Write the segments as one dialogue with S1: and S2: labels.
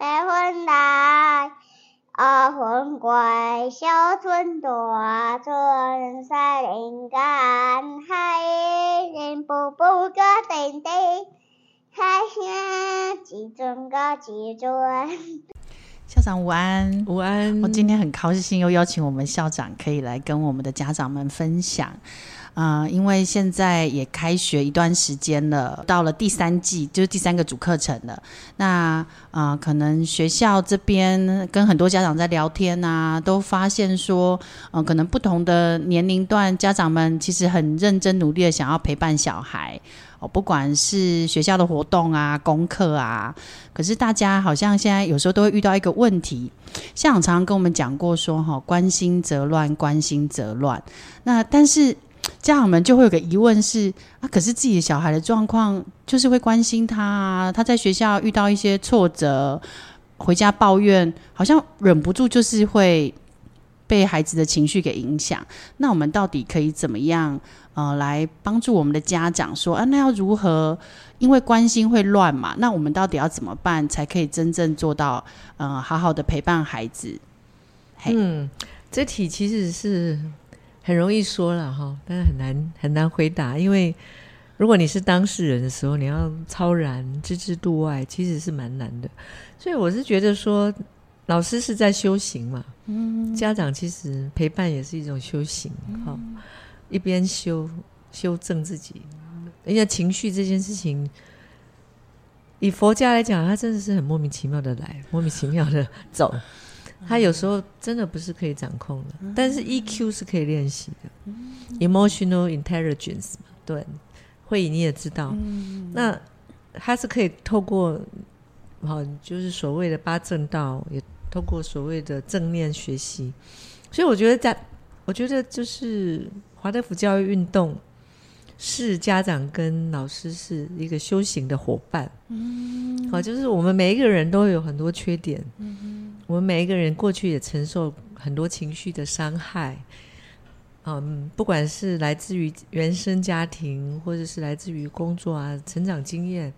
S1: 風來，風小村大嘿，校長午安，午安，我、哦、今天很高興又邀請我們校長可以來跟我們的家長們分享。啊、呃，因為現在也開學一段時間了，到了第三季，就是第三個主課程了。那啊、呃，可能學校這邊跟很多家長在聊天啊，都發現說，嗯、呃，可能不同的年齡段家長們其實很認真努力的想要陪伴小孩哦，不管是學校的活動啊、功課啊，可是大家好像現在有時候都會遇到一個問題，校長常常跟我們講過說，哈、哦，關心則亂，關心則亂。那但是。家長們就會有個疑問是啊，可是自己的小孩的狀況，就是會關心他啊，他在學校遇到一些挫折，回家抱怨，好像忍不住就是會被孩子的情緒給影響。那我們到底可以怎麼樣呃，來幫助我們的家長說啊，那要如何？因為關心會亂嘛，那我們到底要怎麼辦，才可以真正做到嗯、呃，好好的陪伴孩子
S2: ？Hey、嗯，這題其實是。很容易說了哈，但是很難很難回答，因為如果你是當事人的時候，你要超然置之度外，其實是蠻難的。所以我是覺得說，老師是在修行嘛，嗯哼，家長其實陪伴也是一種修行，哈、嗯，一邊修修正自己，而且情緒這件事情，以佛家來講，他真的是很莫名其妙的來，莫名其妙的走。 他有時候真的不是可以掌控的。嗯、但是 EQ 是可以練習的。嗯、emotional intelligence 對，慧議你也知道，嗯、那他是可以透過，好，就是所謂的八正道，也透過所謂的正念學習，所以我覺得在，我覺得就是華德福教育運動是家長跟老師是一個修行的夥伴，嗯，好，就是我們每一個人都有很多缺點，嗯。我們每一個人過去也承受很多情緒的傷害，嗯，不管是來自於原生家庭，或者是來自於工作啊，成長經驗，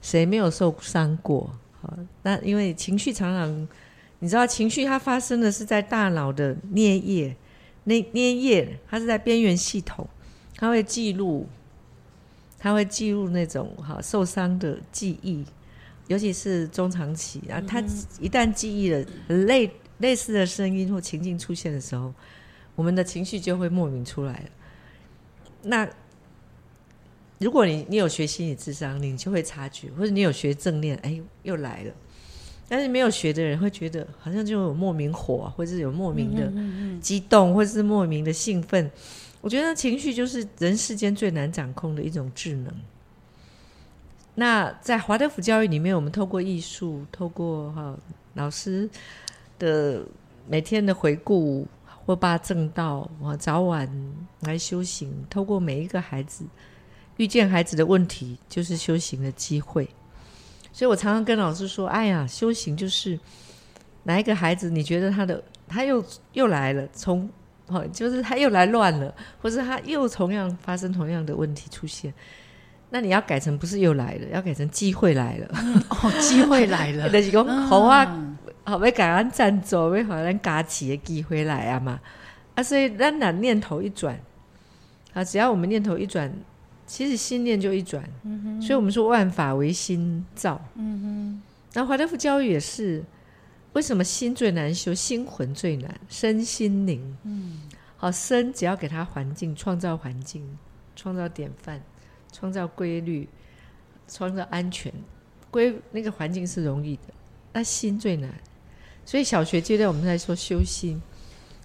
S2: 誰沒有受傷過？好，那因為情緒常常，你知道，情緒它發生的是在大腦的顳葉，那顳葉它是在邊緣系統，它會記錄，它會記錄那種哈受傷的記憶。尤其是中長期啊，他一旦記憶了類類似的聲音或情境出現的時候，我們的情緒就會莫名出來了。那如果你你有學心理諮商，你就會察覺；或者你有學正念，哎，又來了。但是沒有學的人會覺得，好像就有莫名火，或者是有莫名的激動，或者是莫名的興奮。我覺得情緒就是人世間最難掌控的一種智能。那在華德福教育裡面，我們透過藝術，透過哈老師的每天的回顧，或八正道，啊早晚來修行。透過每一個孩子遇見孩子的問題，就是修行的機會。所以我常常跟老師說：“哎呀，修行就是哪一個孩子，你覺得他的他又又來了，從就是他又來亂了，或是他又同樣發生同樣的問題出現。”那你要改成不是又來了，要改成機會來了、嗯、哦，機會來了。那 是講好啊，好、嗯，別感恩站座，別好，咱嘎起也機會來啊嘛。啊，所以咱倆念頭一轉啊，只要我們念頭一轉，其實心念就一轉。嗯、哼所以我們說萬法唯心造。嗯哼。那華德福教育也是，為什麼心最難修？心魂最難，身心靈。嗯。好、啊，身只要給他環境，創造環境，創造典範。創造規律，創造安全，規那個環境是容易的，那心最難。所以小學階段我們在說修心，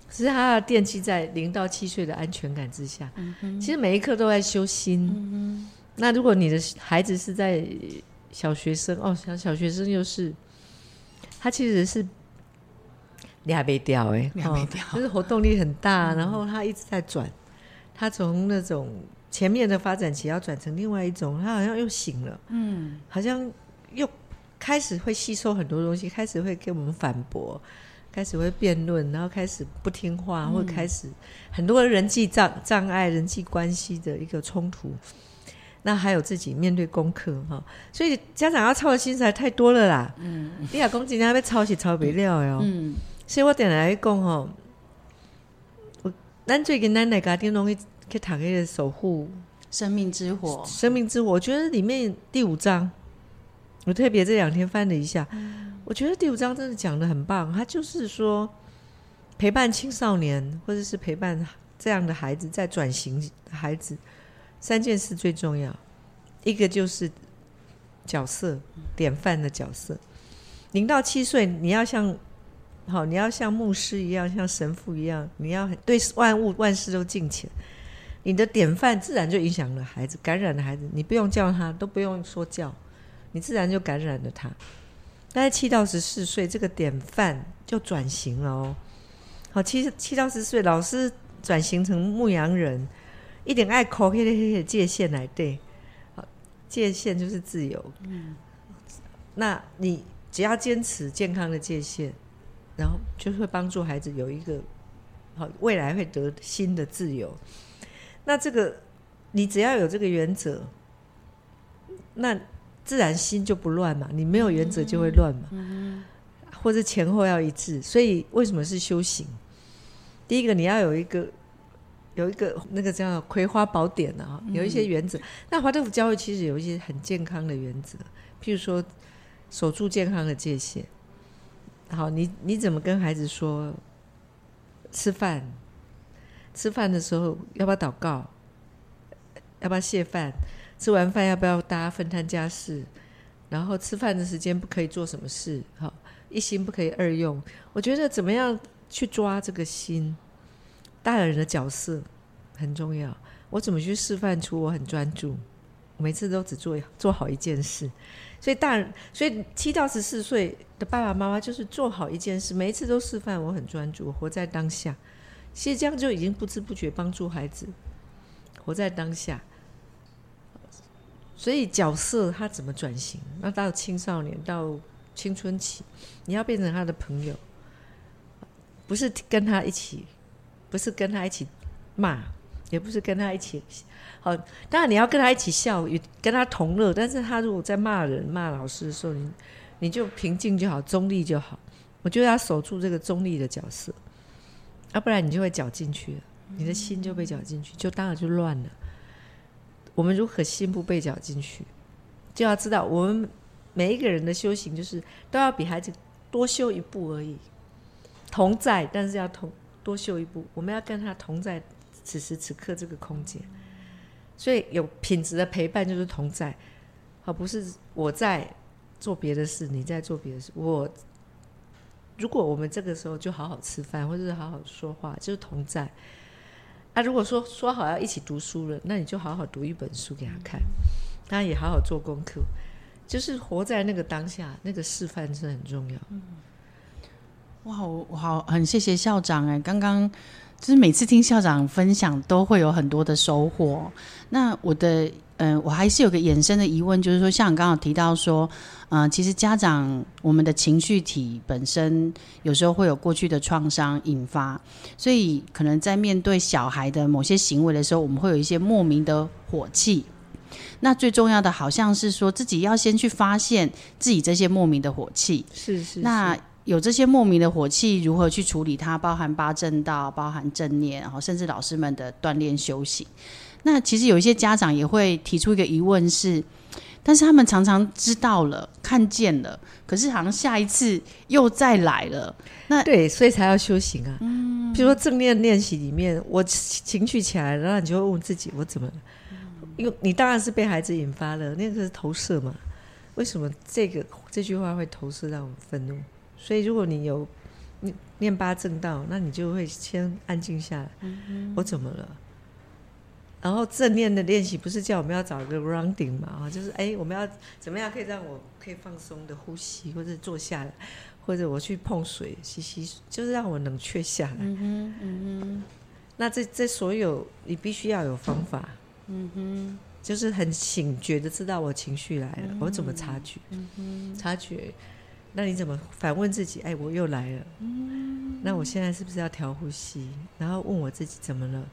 S2: 其實他的奠基，在零到七歲的安全感之下。嗯、哼其實每一刻都在修心。嗯、哼那如果你的孩子是在小學生哦，像小學生又是，他其實是兩杯掉哎，兩掉、哦，就是活動力很大，嗯、哼然後他一直在轉，他從那種。前面的發展期要轉成另外一種，他好像又醒了，嗯，好像又開始會吸收很多東西，開始會給我們反駁，開始會辯論，然後開始不聽話，會、嗯、開始很多人際障障礙、人際關係的一個衝突。那還有自己面對功課哈、喔，所以家長要操的心才太多了啦。嗯，你老公今天要被操是操不了的喲。嗯，所以我點來講，哈、喔，我咱最近咱的家庭容易，躺克的守護：生命之火》。生命之火，我覺得裡面第五章，我特別這兩天翻了一下，我覺得第五章真的講得很棒。他就是說，陪伴青少年或者是陪伴這樣的孩子在轉型的孩子，三件事最重要，一個就是角色，典範的角色。零到七歲，你要像好，你要像牧師一樣，像神父一樣，你要對萬物萬事都敬虔。你的典範自然就影響了孩子，感染了孩子。你不用叫他，都不用說教，你自然就感染了他。大概七到十四歲，這個典範就轉型了哦。好，七七到十四歲，老師轉型成牧羊人，一點愛口，o o k 的界限來對，好，界限就是自由。嗯，那你只要堅持健康的界限，然後就是會幫助孩子有一個好未來，會得新的自由。那這個，你只要有這個原則，那自然心就不亂嘛。你沒有原則就會亂嘛。嗯嗯、或者前後要一致。所以為什麼是修行？第一個你要有一個有一個那個叫葵花寶典啊，有一些原則。嗯、那華德福教育其實有一些很健康的原則，譬如說守住健康的界限。好，你你怎麼跟孩子說吃飯？吃飯的時候要不要禱告？要不要謝飯？吃完飯要不要大家分攤家事？然後吃飯的時間不可以做什麼事？哈，一心不可以二用。我覺得怎麼樣去抓這個心？大人的角色很重要。我怎麼去示範出我很專注？每次都只做做好一件事。所以大人，所以七到十四歲的爸爸媽媽就是做好一件事，每一次都示範我很專注，活在當下。其實這樣就已經不知不覺幫助孩子活在當下。所以角色他怎麼轉型？那到青少年到青春期，你要變成他的朋友，不是跟他一起，不是跟他一起罵，也不是跟他一起。好，當然你要跟他一起笑，也跟他同樂。但是他如果在罵人、罵老師的時候，你你就平靜就好，中立就好。我覺得要守住這個中立的角色。要、啊、不然你就會攪進去了，你的心就被攪進去，就當然就亂了。我們如何心不被攪進去，就要知道我們每一個人的修行，就是都要比孩子多修一步而已。同在，但是要同多修一步，我們要跟他同在此時此刻這個空間。所以有品質的陪伴就是同在，而不是我在做別的事，你在做別的事，我。如果我們這個時候就好好吃飯，或者是好好說話，就是同在。那，啊，如果說說好要一起讀書了，那你就好好讀一本書給他看，他也好好做功課，就是活在那個當下，那個示範是很重要。嗯。
S1: 哇，我好，很謝謝校長哎，欸，剛剛就是每次聽校長分享都會有很多的收穫。那我的。嗯，我還是有個衍生的疑問，就是說，像你剛剛提到說，嗯、呃，其實家長我們的情緒體本身有時候會有過去的創傷引發，所以可能在面對小孩的某些行為的時候，我們會有一些莫名的火氣。那最重要的好像是說自己要先去發現自己這些莫名的火氣，是，是是。那有這些莫名的火氣，如何去處理它？包含八正道，包含正念，然後甚至老師們的鍛鍊修行。那其實有一些家長也會提出一個疑問是，但是他們常常知道了、看見了，可是好像下一次又再來了。那對，所以才要修行啊。嗯，比如說正念
S2: 練、練習裡面，我情緒起來了，然後你就會問自己：我怎麼了？嗯、因為你當然是被孩子引發了，那個是投射嘛。為什麼這個這句話會投射讓我們憤怒？所以如果你有念八正道，那你就會先安靜下來。嗯、哼我怎麼了？然後正念的練習不是叫我們要找一個 grounding 嘛，就是哎、欸，我們要怎麼樣可以讓我可以放鬆的呼吸，或者坐下來，或者我去碰水，洗洗，就是讓我冷卻下來。嗯嗯嗯，那這這所有你必須要有方法。嗯哼。就是很醒覺的知道我情緒來了，嗯、哼我怎麼察覺？嗯嗯哼。察覺，那你怎麼反問自己？哎、欸，我又來了。嗯哼。那我現在是不是要調呼吸？然後問我自己怎麼了？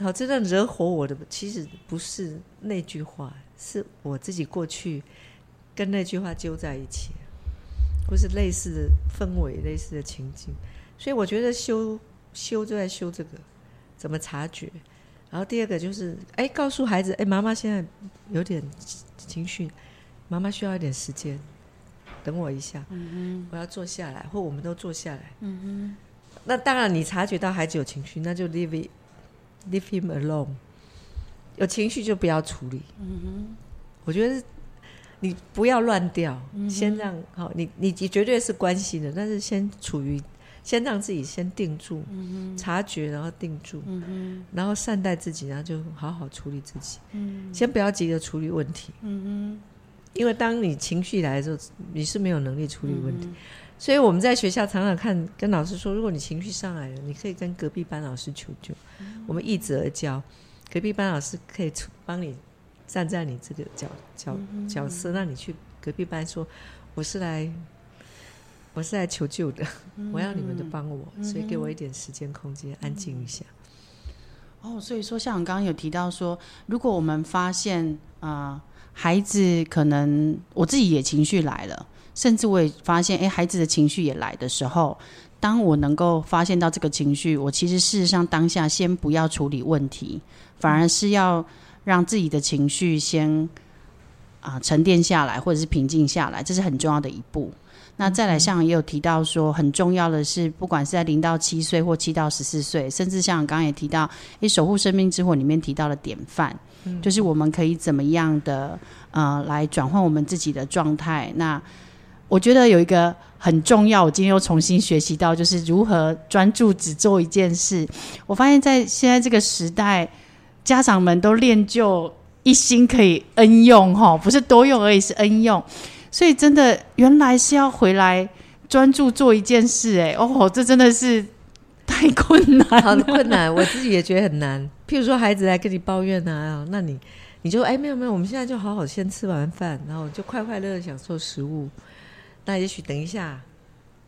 S2: 好，真正惹火我的其實不是那句話，是我自己過去跟那句話揪在一起，或是類似的氛圍、類似的情景。所以我覺得修修就在修這個，怎麼察覺。然後第二個就是，哎、欸，告訴孩子，哎、欸，媽媽現在有點情緒，媽媽需要一點時間，等我一下。嗯嗯，我要坐下來，或我們都坐下來。嗯嗯哼，那當然，你察覺到孩子有情緒，那就 leave it Leave him alone。有情緒就不要處理。嗯哼，我覺得你不要亂掉，嗯哼，先讓好，你你你絕對是關心的，但是先處於先讓自己先定住，嗯哼，察覺然後定住，嗯哼，然後善待自己，然後就好好處理自己。嗯哼，先不要急着處理問題。嗯哼，因為當你情緒來的時候，你是沒有能力處理問題。嗯所以我們在學校常常看，跟老師說，如果你情緒上來了，你可以跟隔壁班老師求救。嗯、哼我們易子而教，隔壁班老師可以出幫你站在你這個角角，嗯、哼角色，讓你去隔壁班說：“我是來
S1: 我是來求救的，嗯、哼我要你們的幫我，所以給我一點時間空間，嗯、哼安靜一下。”哦，所以說像我剛剛有提到說，如果我們發現啊、呃，孩子可能我自己也情緒來了。甚至我也發現，哎、欸，孩子的情緒也來的時候，當我能夠發現到這個情緒，我其實事實上當下先不要處理問題，反而是要讓自己的情緒先啊、呃、沉澱下來，或者是平靜下來，這是很重要的一步。那再來，像也有提到說，很重要的是，不管是在零到七歲或七到十四歲，甚至像剛剛也提到，誒、欸，《守護生命之火》裡面提到了典範，嗯、就是我們可以怎麼樣的啊、呃、來轉換我們自己的狀態。那我覺得有一個很重要，我今天又重新學習到，就是如何專注只做一件事。我發現，在現在這個時代，家長們都練就一心可以恩用哈、哦，不是多用而已，是恩用。所以，真的原來是要回來專注做一件事，哎，哦，這真的是太困難了，很困難。我自己也覺得很難。
S2: 譬如說，孩子來跟你抱怨啊，那你你就哎沒有沒有，我們現在就好好先吃完飯，然後就快快樂樂享受食物。那也許等一下，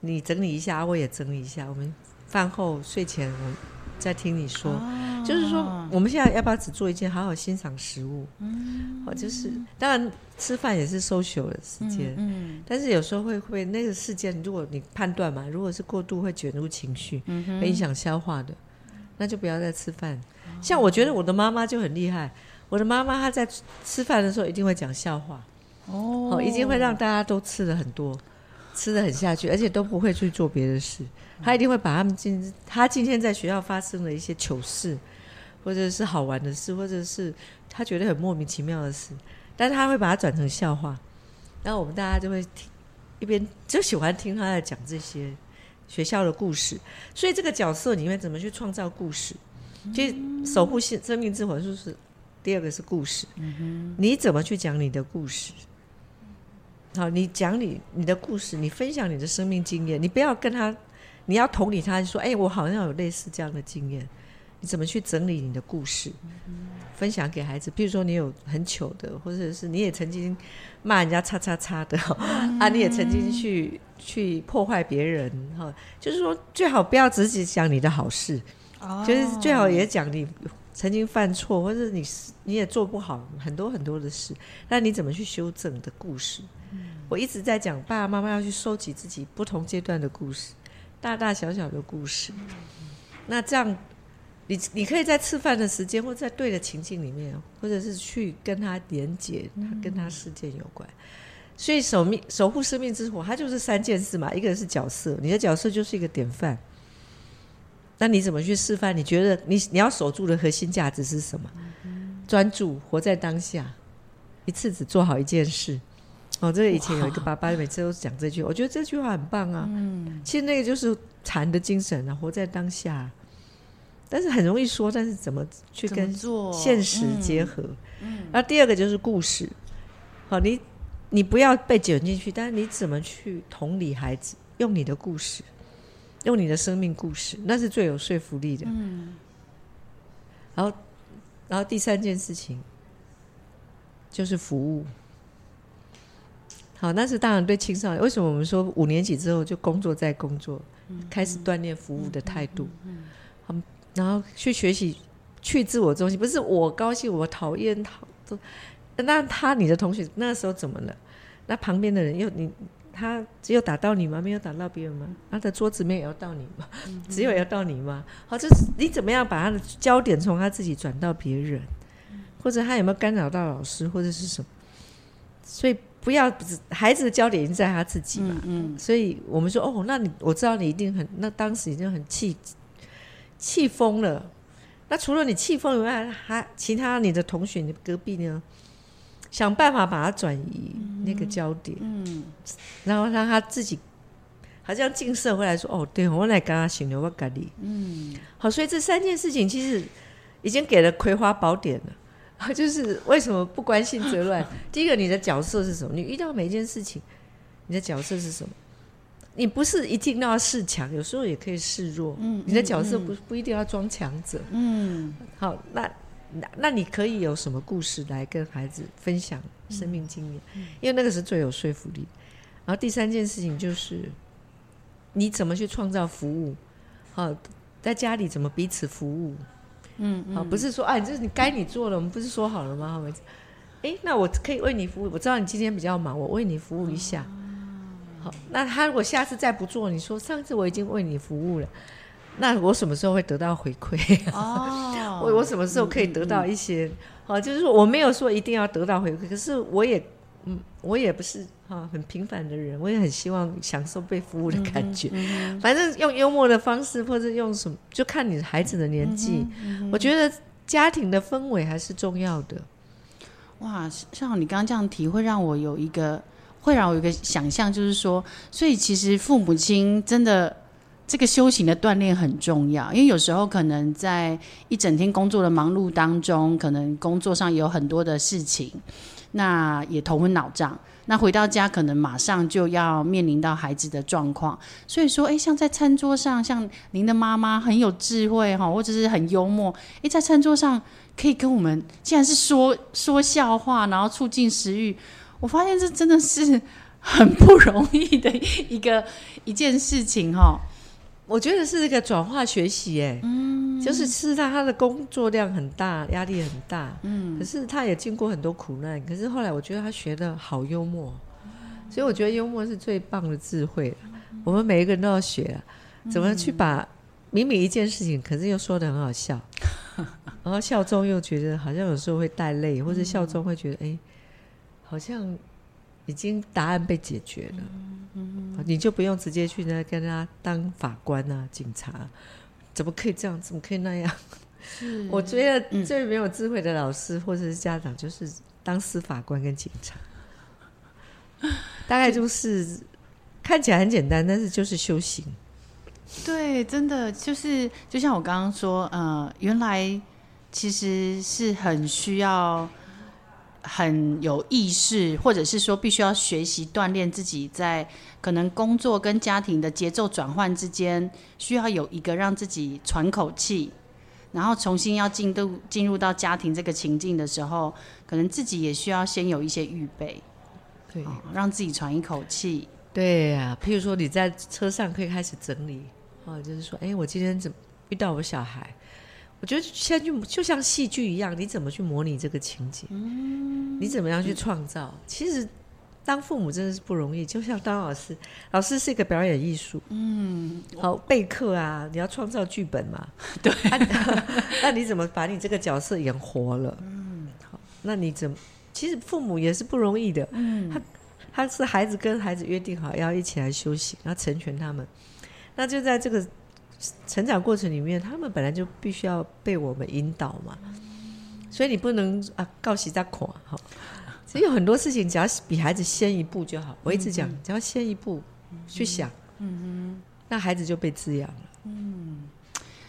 S2: 你整理一下，啊，我也整理一下。我們飯後睡前，我再聽你說。Oh. 就是說，我們現在要不要只做一件，好好欣賞食物？嗯、mm hmm. 哦，就是當然吃飯也是 social 的時間，嗯、mm，hmm. 但是有時候會會那個事件，如果你判斷嘛，如果是過度會卷入情緒，嗯、mm，hmm. 會影響消化的，那就不要再吃飯。Oh. 像我覺得我的媽媽就很厲害，我的媽媽她在吃飯的時候一定會講笑話，oh. 哦，一定會讓大家都吃的很多。吃得很下去，而且都不會去做別的事。他一定會把他們今他今天在學校發生的一些糗事，或者是好玩的事，或者是他覺得很莫名其妙的事，但是他會把它轉成笑話。然後我們大家就會聽，一邊就喜歡聽他在講這些學校的故事。所以這個角色裡面怎麼去創造故事，就是守護性生命之火，就是第二個是故事。你怎麼去講你的故事？好，你講你你的故事，你分享你的生命經驗，你不要跟他，你要同理他，說，哎、欸，我好像有類似這樣的經驗。你怎麼去整理你的故事，嗯、哼分享給孩子？譬如說，你有很糗的，或者是你也曾經罵人家叉叉叉的，嗯、啊，你也曾經去去破壞別人，哈，就是說，最好不要直接講你的好事，哦、就是最好也講你曾經犯錯，或者是你你也做不好很多很多的事，那你怎麼去修正的故事？我一直在講，爸爸媽媽要去收集自己不同階段的故事，大大小小的故事。那這樣，你你可以在吃飯的時間，或在對的情境裡面，或者是去跟他連接，跟他事件有關。所以守，守命守護生命之火，它就是三件事嘛。一個是角色，你的角色就是一個典範。那你怎麼去示範？你覺得你你要守住的核心價值是什麼？專注，活在當下，一次只做好一件事。哦，這個以前有一個爸爸，每次都講這句，哇我覺得這句話很棒啊。嗯，其實那個就是禪的精神啊，活在當下。但是很容易說，但是怎麼去跟現實結合？嗯。嗯然後第二個就是故事，好，你你不要被捲進去，但是你怎麼去同理孩子？用你的故事，用你的生命故事，那是最有說服力的。嗯。
S1: 然
S2: 後，然後第三件事情就是服務。好，那是當然。對青少年，為什麼我們說五年級之後就工作在工作，開始鍛鍊服務的態度？好、嗯，嗯嗯、然後去學習去自我中心，不是我高興，我討厭，討那他你的同學那時候怎麼了？那旁邊的人又你他只有打到你嗎？沒有打到別人嗎？他的桌子沒有搖到你嗎？只有搖到你嗎？嗯、哼好，就是你怎麼樣把他的焦點從他自己轉到別人，或者他有沒有干擾到老師或者是什麼？所以。不要，孩子的焦點已經在他自己嘛，嗯嗯、所以我們說哦，那你我知道你一定很，那當時已經很氣，氣瘋了。那除了你氣瘋以外，還其他你的同學，你隔壁呢？想辦法把他轉移那個焦點，嗯嗯、然後讓他自己好像進社會來說哦，對我來跟他行了，我跟你，嗯，好，所以這三件事情其實已經給了《葵花寶典》了。就是為什麼不關心則亂？第一個，你的角色是什麼？你遇到每一件事情，你的角色是什麼？你不是一定要示強，有時候也可以示弱。嗯嗯、你的角色不、嗯、不一定要裝強者。嗯，好，那那那你可以有什麼故事來跟孩子分享生命經驗？嗯嗯、因為那個是最有說服力。然後第三件事情就是，你怎麼去創造服務？好、啊，在家裡怎麼彼此服務？嗯，嗯，好，不是說哎，這、啊、是你就該你做的，我們不是說好了嗎？哎，那我可以為你服務，我知道你今天比較忙，我為你服務一下。嗯、好，那他如果下次再不做，你說上次我已經為你服務了，那我什麼時候會得到回饋？哦、 我我什麼時候可以得到一些？嗯嗯，好，就是說我沒有說一定要得到回饋，可是我也，嗯，我也不是。啊，很平凡的人，我也很希望享受被服務的感覺。嗯嗯、反正用幽默的方式，或者用什麼，就看你
S1: 孩子的年紀。嗯嗯、我覺得家庭的氛圍還是重要的。嗯嗯、哇，像你剛剛這樣提，會讓我有一個，會讓我有一個想象，就是說，所以其實父母親真的這個修行的鍛鍊很重要，因為有時候可能在一整天工作的忙碌當中，可能工作上有很多的事情，那也頭昏腦脹。那回到家可能馬上就要面臨到孩子的狀況，所以說，哎，像在餐桌上，像您的媽媽很有智慧哈，或者是很幽默，哎，在餐桌上可以跟我們，竟然是說說笑話，然後促進食欲，我發現這真的是很不容易的一個一件事情哈。我覺得是這個轉化學習，哎、嗯，
S2: 就是事實上他的工作量很大，壓力很大，嗯，可是他也經過很多苦難，可是後來我覺得他學得好幽默，嗯、所以我覺得幽默是最棒的智慧，嗯、我們每一個人都要學、啊，嗯、怎麼去把明明一件事情，可是又說得很好笑，嗯、然後笑中又覺得好像有時候會帶淚，或者笑中會覺得哎、嗯欸，好像。已經答案被解決了，嗯嗯、你就不用直接去那跟他當法官啊、警察，怎麼可以這樣？怎麼可以那樣？是我覺得最沒有智慧的老師或者是家長，就是當司法官跟警察，嗯、
S1: 大概就是
S2: 看起來很簡單，但是就是修行。
S1: 對，真的就是就像我剛剛說，嗯、呃，原來其實是很需要。很有意識，或者是說必須要學習鍛鍊自己，在可能工作跟家庭的節奏轉換之間，需要有一個讓自己喘口氣，然後重新要進度進入到家庭這個情境的時候，可能自己也需要先有一些預備。對，哦，讓自己喘一口氣。對
S2: 啊，譬如說你在車上可以開始整理，哦，就是說，哎，我今天怎麼遇到我小孩？我覺得現在就，就像戲劇一樣，你怎麼去模擬這個情節？嗯、你怎麼樣去創造？嗯、其實當父母真的是不容易，就像當老師，老師是一個表演藝術。嗯，好，備課我啊，你要創造劇本嘛？對， 那你怎麼把你這個角色演活了？嗯，好，那你怎麼？其實父母也是不容易的。嗯，他他是孩子跟孩子約定好要一起來修行，要成全他們。那就在這個。成長過程裡面，他們本來就必須要被我們引導嘛，嗯、所以你不能啊告急在狂哈，所以有很多事情只要比孩子先一步就好。我一直講，嗯嗯，只要先一步去想，嗯哼，
S1: 嗯哼，
S2: 那孩子就被滋養了。
S1: 嗯，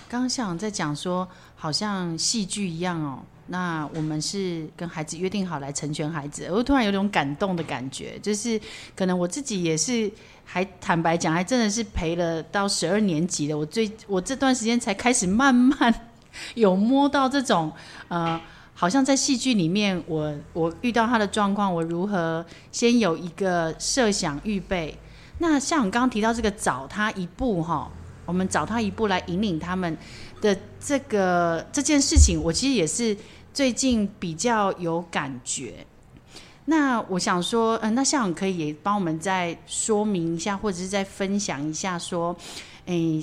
S1: 剛想在講說，好像戲劇一樣哦。那我們是跟孩子約定好來成全孩子，我突然有種感動的感覺，就是可能我自己也是，還坦白講，還真的是陪了到十二年級的。我最我這段時間才開始慢慢有摸到這種，呃，好像在戲劇裡面我，我我遇到他的狀況，我如何先有一個設想預備。那像我剛剛提到這個找他一步哈、哦，我們找他一步來引領他們的這個這件事情，我其實也是。最近比較有感覺，那我想說，嗯、呃，那向陽可以也幫我們再說明一下，或者是再分享一下，說，誒、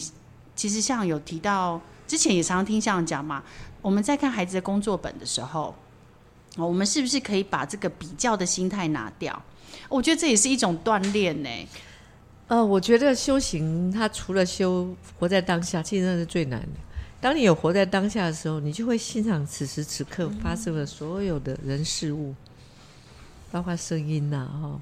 S1: 欸，其實像有提到，之前也常常聽向陽講嘛，我們在看孩子的工作本的時候，我們是不是可以把這個比較的心態拿掉？我覺得這也是一種鍛鍊呢。
S2: 呃，我覺得修行，它除了修活在當下，其實那是最難的。當你有活在當下的時候，你就會欣賞此時此刻發生的所有的人事物，嗯、包括聲音吶、啊，哈、哦。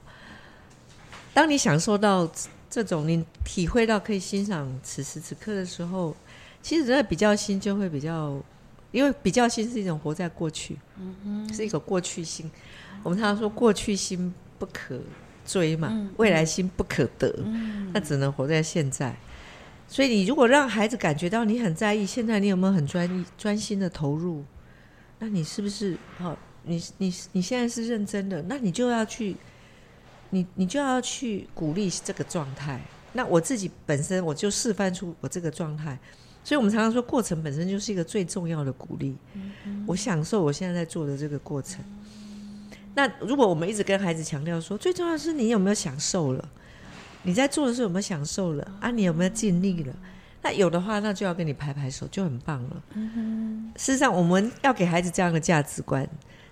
S2: 當你享受到這種，你體會到可以欣賞此時此刻的時候，其實人的比較心就會比較，因為比較心是一種活在過去，嗯嗯哼，是一個過去心。我們常常說過去心不可追嘛，嗯、未來心不可得，嗯、那只能活在現在。所以，你如果讓孩子感覺到你很在意，現在你有沒有很專專心的投入？那你是不是？好？你你你現在是認真的，那你就要去，你你就要去鼓勵這個狀態。那我自己本身我就示範出我這個狀態，所以我們常常說，過程本身就是一個最重要的鼓勵。嗯哼。我享受我現在在做的這個過程。嗯。那如果我們一直跟孩子強調說，最重要的是你有沒有享受了。你在做的時候有沒有享受了啊？你有沒有盡力了？那有的話，那就要跟你拍拍手，就很棒了。嗯哼。事實上，我們要給孩子這樣的價值觀。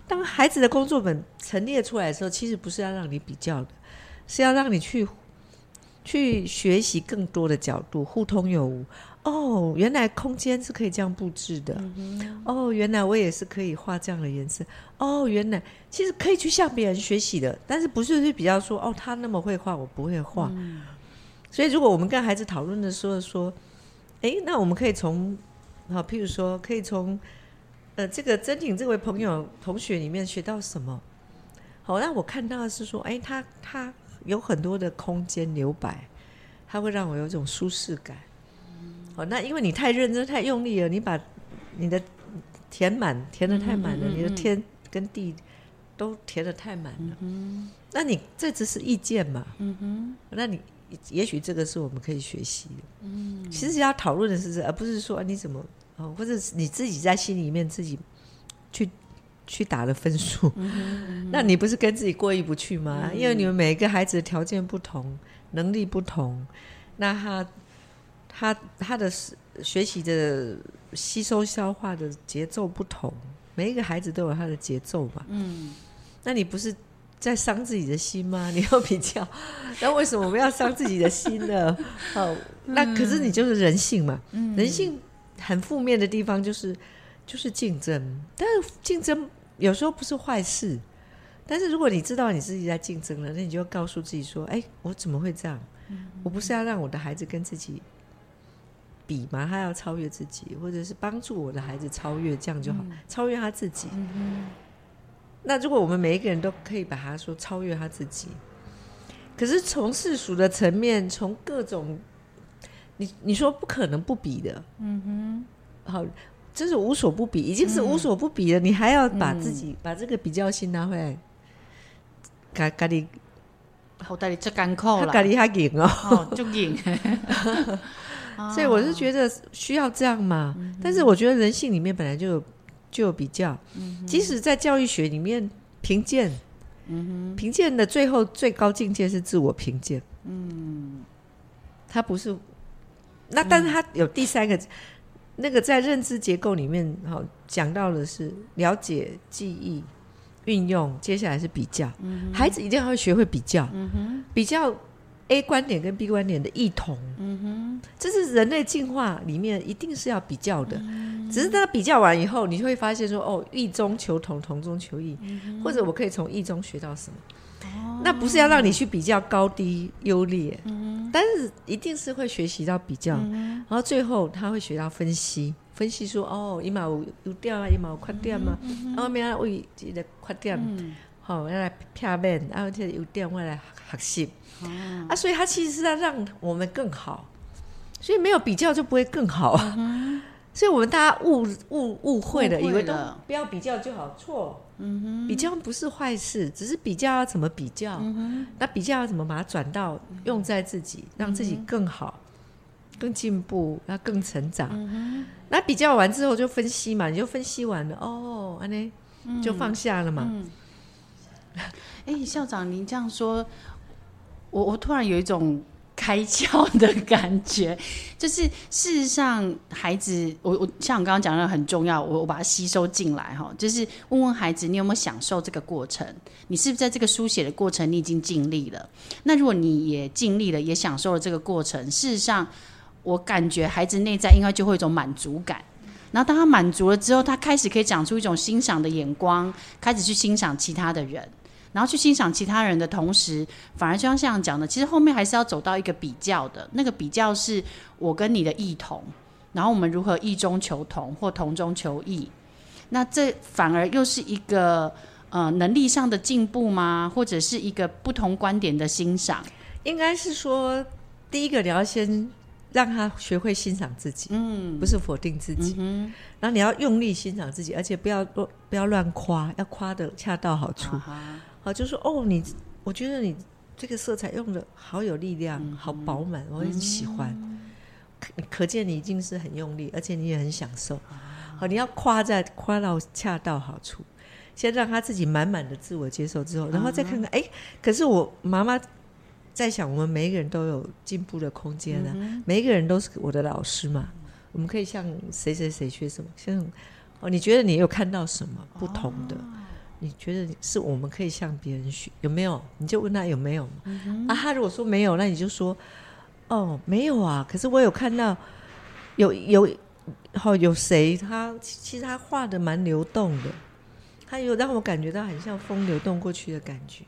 S2: 當孩子的工作本陳列出來的時候，其實不是要讓你比較的，是要讓你去去學習更多的角度，互通有無。哦，原來空間是可以這樣佈置的。嗯、哼哦，原來我也是可以畫這樣的顏色。哦，原來其實可以去向別人學習的，但是不是去比較說哦，他那麼會畫，我不會畫。嗯、所以，如果我們跟孩子討論的時候說，哎，那我們可以從好，譬如說，可以從呃，這個曾婷這位朋友同學裡面學到什麼？好，那我看到的是說，哎，他他有很多的空間留白，他會讓我有種舒適感。哦，那因為你太認真、太用力了，你把你的填滿填得太滿了，嗯哼嗯哼，你的天跟地都填得太滿了。嗯哼，那你這只是意見嘛？嗯哼，那你也許這個是我們可以學習的。嗯哼，其實要討論的是這，而不是說你怎麼哦，或者是你自己在心裡面自己去去打的分數，嗯哼嗯哼，那你不是跟自己過意不去嗎？嗯、哼因為你們每個孩子的條件不同，能力不同，那他。他他的學習的吸收消化的節奏不同，每一個孩子都有他的節奏吧。嗯，那你不是在傷自己的心嗎？你要比較， 那為什麼我們要傷自己的心呢？哦， 嗯、那可是你就是人性嘛。嗯，人性很負面的地方就是就是競爭，但是競爭有時候不是壞事。但是如果你知道你自己在競爭了，那你就告訴自己說：，哎、欸，我怎麼會這樣？我不是要讓我的孩子跟自己。比嘛，他要超越自己，或者是幫助我的孩子超越，這樣就好，嗯、超越他自己。嗯、哼那如果我們每一個人都可以把他說超越他自己，可是從世俗的層面，從各種，你你說不可能不比的，嗯哼，好，真是無所不比，已經是無所不比了，嗯、你還要把自己、嗯、把這個比較心拿回來，咖咖喱，
S1: 好大你這乾烤咖喱還硬、喔、哦，就硬。 所以我是覺
S2: 得需要這樣嘛，哦嗯、但是我覺得人性裡面本來就就有比較，嗯、哼即使在教育學裡面評鑑，嗯哼，評鑑的最後最高境界是自我評鑑，嗯，他不是，嗯、那但是他有第三個，那個在認知結構裡面哈、哦、講到的是了解、記憶、運用，接下來是比較，嗯、哼孩子一定要會學會比較，嗯、哼比較。A 觀點跟 B 觀點的異同，嗯哼，這是人類進化裡面一定是要比較的。只是它比較完以後，你就會發現說，哦，異中求同，同中求異，或者我可以從異中學到什麼。那不是要讓你去比較高低優劣，但是一定是會學習到比較，然後最後他會學到分析，分析說，哦，啊啊、一毛有掉啊，一毛垮掉嗎？後面為一得垮掉。好，要來片面，然後就有地方來學習啊，啊！所以，他其實是在讓我們更好，所以沒有比較就不會更好啊！嗯、哼所以我們大家誤誤誤會了，以為都不要比較就好錯。錯嗯哼，比較不是壞事，只是比較要怎麼比較？嗯、哼那比較要怎麼把它轉到用在自己，嗯、哼讓自己更好、更進步，更成長？嗯、哼那比較
S1: 完之後就分析嘛，你就分析完了哦，安呢
S2: 就放下了嘛。嗯嗯
S1: 哎、欸，校長，您這樣說，我我突然有一種開竅的感覺，就是事實上，孩子，我我像我剛剛講的很重要，我我把它吸收進來哈，就是問問孩子，你有沒有享受這個過程？你是不是在這個書寫的過程，你已經盡力了？那如果你也盡力了，也享受了這個過程，事實上，我感覺孩子內在應該就會有一種滿足感。然後，當他滿足了之後，他開始可以講出一種欣賞的眼光，開始去欣賞其他的人。然後去欣賞其他人的同時，反而就像這樣講的，其實後面還是要走到一個比較的，那個比較是我跟你的異同，然後我們如何異中求同或同中求異，那這反而又是一個呃能力上的進步嗎？或者是一個不同觀點的欣賞？
S2: 應該是說，第一個你要先讓他學會欣賞自己，嗯，不是否定自己，嗯哼，然後你要用力欣賞自己，而且不要亂不要亂誇，要誇得恰到好處。啊啊，就是、說哦，你我覺得你這個色彩用得好有力量，嗯、哼好飽滿，我很喜歡。可、嗯、哼可見你已經是很用力，而且你也很享受。嗯、哼好，你要誇在誇到恰到好處，先讓他自己滿滿的自我接受之後，然後再看看。哎、嗯哼，可是我媽媽在想，我們每一個人都有進步的空間呢，嗯、哼每一個人都是我的老師嘛。我們可以向誰誰誰誰學什麼？像哦，你覺得你有看到什麼不同的？哦你覺得是我們可以向別人學有沒有？你就問他有沒有嘛、uh huh. 啊，他如果說沒有，那你就說哦，沒有啊。可是我有看到有有好、哦、有誰，他其實他畫的蠻流動的，他有讓我感覺到很像風流動過去的感覺。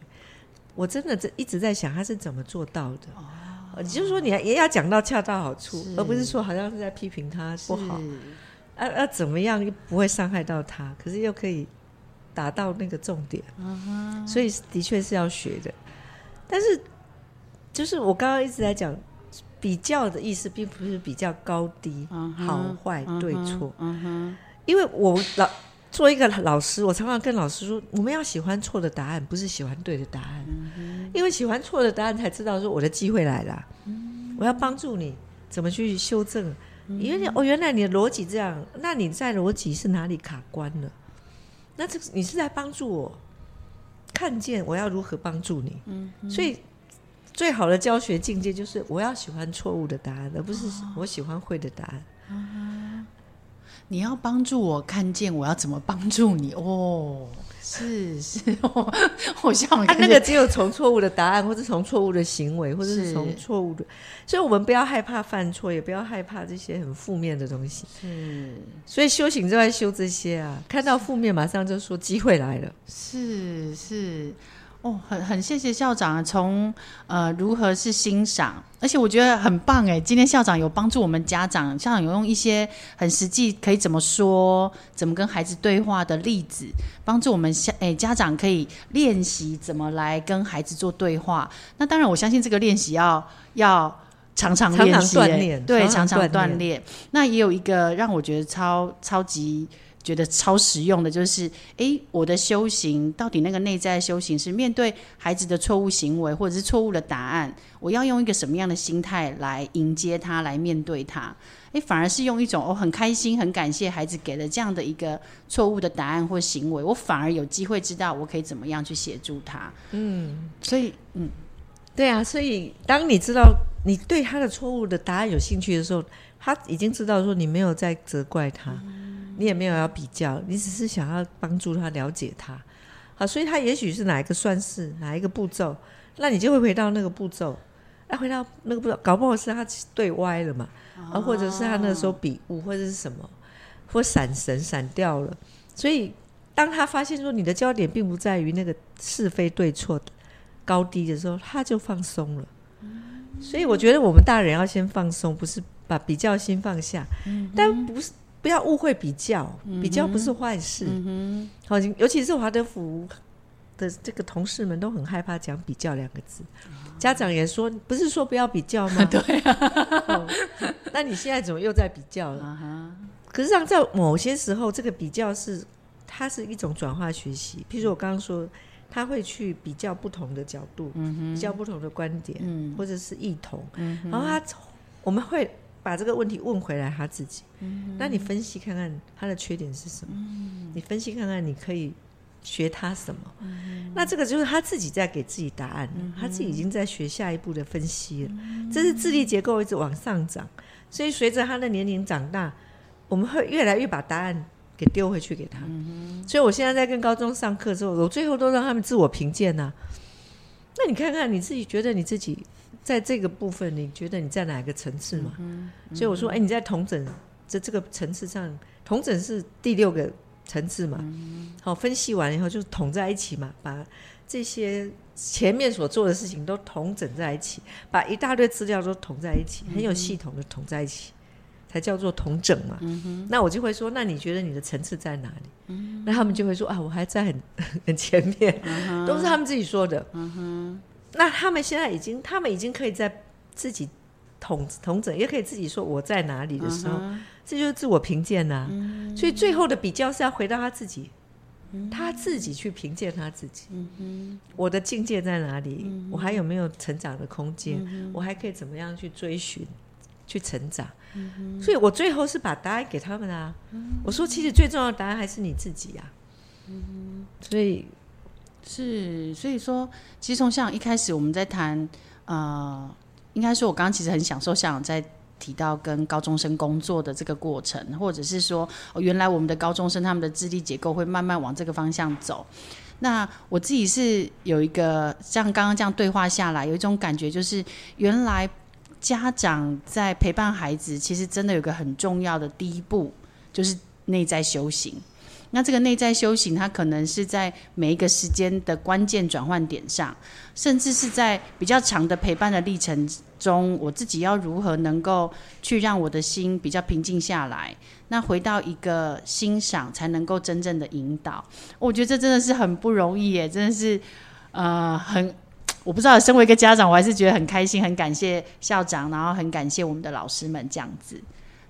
S2: 我真的在一直在想他是怎麼做到的。哦，oh. 你就是說你也要講到恰到好處，是而不是說好像是在批評他不好。那那是、啊啊、怎麼樣又不會傷害到他，可是又可以。達到那個重點，所以的確是要學的。但是，就是我剛剛一直在講比較的意思，並不是比較高低、好、uh huh, 壞、uh huh, 對錯。Uh huh. 因為我老做一個老師，我常常跟老師說，我們要喜歡錯的答案，不是喜歡對的答案。Uh huh. 因為喜歡錯的答案，才知道說我的機會來了。Uh huh. 我要幫助你怎麼去修正，因為你哦，原來你的邏輯這樣，那你在邏輯是哪裡卡關了？那這你是在幫助我看見我要如何幫助你，嗯哼。所以最好的教學境界就是我要喜歡錯誤的答案，而不是我喜歡會的答案。哦。啊，
S1: 你要幫助我看見我要怎麼幫助你哦。
S2: 是
S1: 是，我好像，他、啊、那個只有從錯誤
S2: 的答案，或者從錯誤的
S1: 行為，或者是從錯誤的，
S2: 是所以我們不要害怕犯錯，也不要害怕這些很負面的東西。是，所以修行就在修這些啊，是看到負面馬上就說機會來了。
S1: 是是。是哦，很很謝謝校長從呃如何是欣賞，而且我覺得很棒哎。今天校長有幫助我們家長，校長有用一些很實際，可以怎麼說，怎麼跟孩子對話的例子，幫助我們下哎、欸、家長可以練習怎麼來跟孩子做對話。那當然，我相信這個練習要要常常練習，常常鍛鍊，常常鍛鍊。對，常常鍛鍊。那也有一個讓我覺得超超級。覺得超實用的就是，誒，我的修行到底，那個內在修行是面對孩子的錯誤行為或者是錯誤的答案，我要用一個什麼樣的心態來迎接他，來面對他？誒，反而是用一種我、哦、很開心、很感謝孩子給了這樣的一個錯誤的答案或行為，我反而有機會知道我可以怎麼樣去協助他。
S2: 嗯，
S1: 所以，嗯，對啊，所以當你知道
S2: 你對他的錯誤的答案有興趣的時候，他已經知道說你沒有在責怪他。嗯你也沒有要比較，你只是想要幫助他了解他。好，所以他也許是哪一個算式、哪一個步驟，那你就會回到那個步驟，那、啊、回到那個步驟，搞不好是他對歪了嘛，哦、啊，或者是他那個時候筆誤，或者是什麼，或閃神閃掉了。所以當他發現說你的焦點並不在於那個是非對錯高低的時候，他就放鬆了。所以我覺得我們大人要先放鬆，不是把比較心放下，嗯嗯，但不是。不要誤會比較，比較不是壞事。好、嗯嗯哦，尤其是華德福的這個同事們都很害怕講“比較”兩個字。哦、家長也說，不是說不要比較嗎？啊、對、啊。哦、 那你現在怎麼又在比較了？啊、哈可是，像在某些時候，這個比較是它是一種轉化學習。譬如我剛剛說，他會去比較不同的角度，嗯、哼比較不同的觀點，嗯、或者是異同。嗯、哼然後他，我們會。把這個問題問回來他自己，嗯、哼那你分析看看他的缺點是什麼？嗯、哼你分析看看你可以學他什麼？嗯、哼那這個就是他自己在給自己答案了，嗯、哼他自己已經在學下一步的分析了。嗯、哼這是智力結構一直往上漲，嗯、哼所以隨着他的年齡長大，我們會越來越把答案給丟回去給他。嗯、哼所以我現在在跟高中上課之後，我最後都讓他們自我評鑑吶、啊。那你看看你自己覺得你自己在這個部分，你覺得你在哪個層次嘛？嗯嗯、所以我說，哎、欸，你在統整，在這個層次上，統整是第六個層次嘛？嗯、哼好，分析完以後就統在一起嘛，把這些前面所做的事情都統整在一起，把一大堆資料都統在一起，很有系統的統在一起，嗯、哼才叫做統整嘛。嗯、哼那我就會說，那你覺得你的層次在哪裡？嗯、哼那他們就會說啊，我還在很很前面，嗯、哼都是他們自己說的。嗯那他們現在已經，他們已經可以在自己統統整，也可以自己說我在哪裡的時候，uh huh. 這就是自我評鑑吶。Mm hmm. 所以最後的比較是要回到他自己，mm hmm. 他自己去評鑑他自己。Mm hmm. 我的境界在哪裡？Mm hmm. 我還有沒有成長的空間？Mm hmm. 我還可以怎麼樣去追尋、去成長？Mm hmm. 所以，我最後是把答案給他們啊。Mm hmm. 我說，
S1: 其實最重要的答案還是你自己呀、啊。Mm hmm. 所以。是，所以說，其實從校長一開始我們在談，呃，應該說我剛剛其實很享受校長在提到跟高中生工作的這個過程，或者是說，哦，原來我們的高中生他們的智力結構會慢慢往這個方向走。那我自己是有一個像剛剛這樣對話下來，有一種感覺，就是原來家長在陪伴孩子，其實真的有一個很重要的第一步，就是內在修行。那這個內在修行，它可能是在每一個時間的關鍵轉換點上，甚至是在比較長的陪伴的歷程中，我自己要如何能夠去讓我的心比較平靜下來？那回到一個欣賞，才能夠真正的引導。我覺得這真的是很不容易耶，真的是呃，很我不知道。身為一個家長，我還是覺得很開心，很感謝校長，然後很感謝我們的老師們這樣子。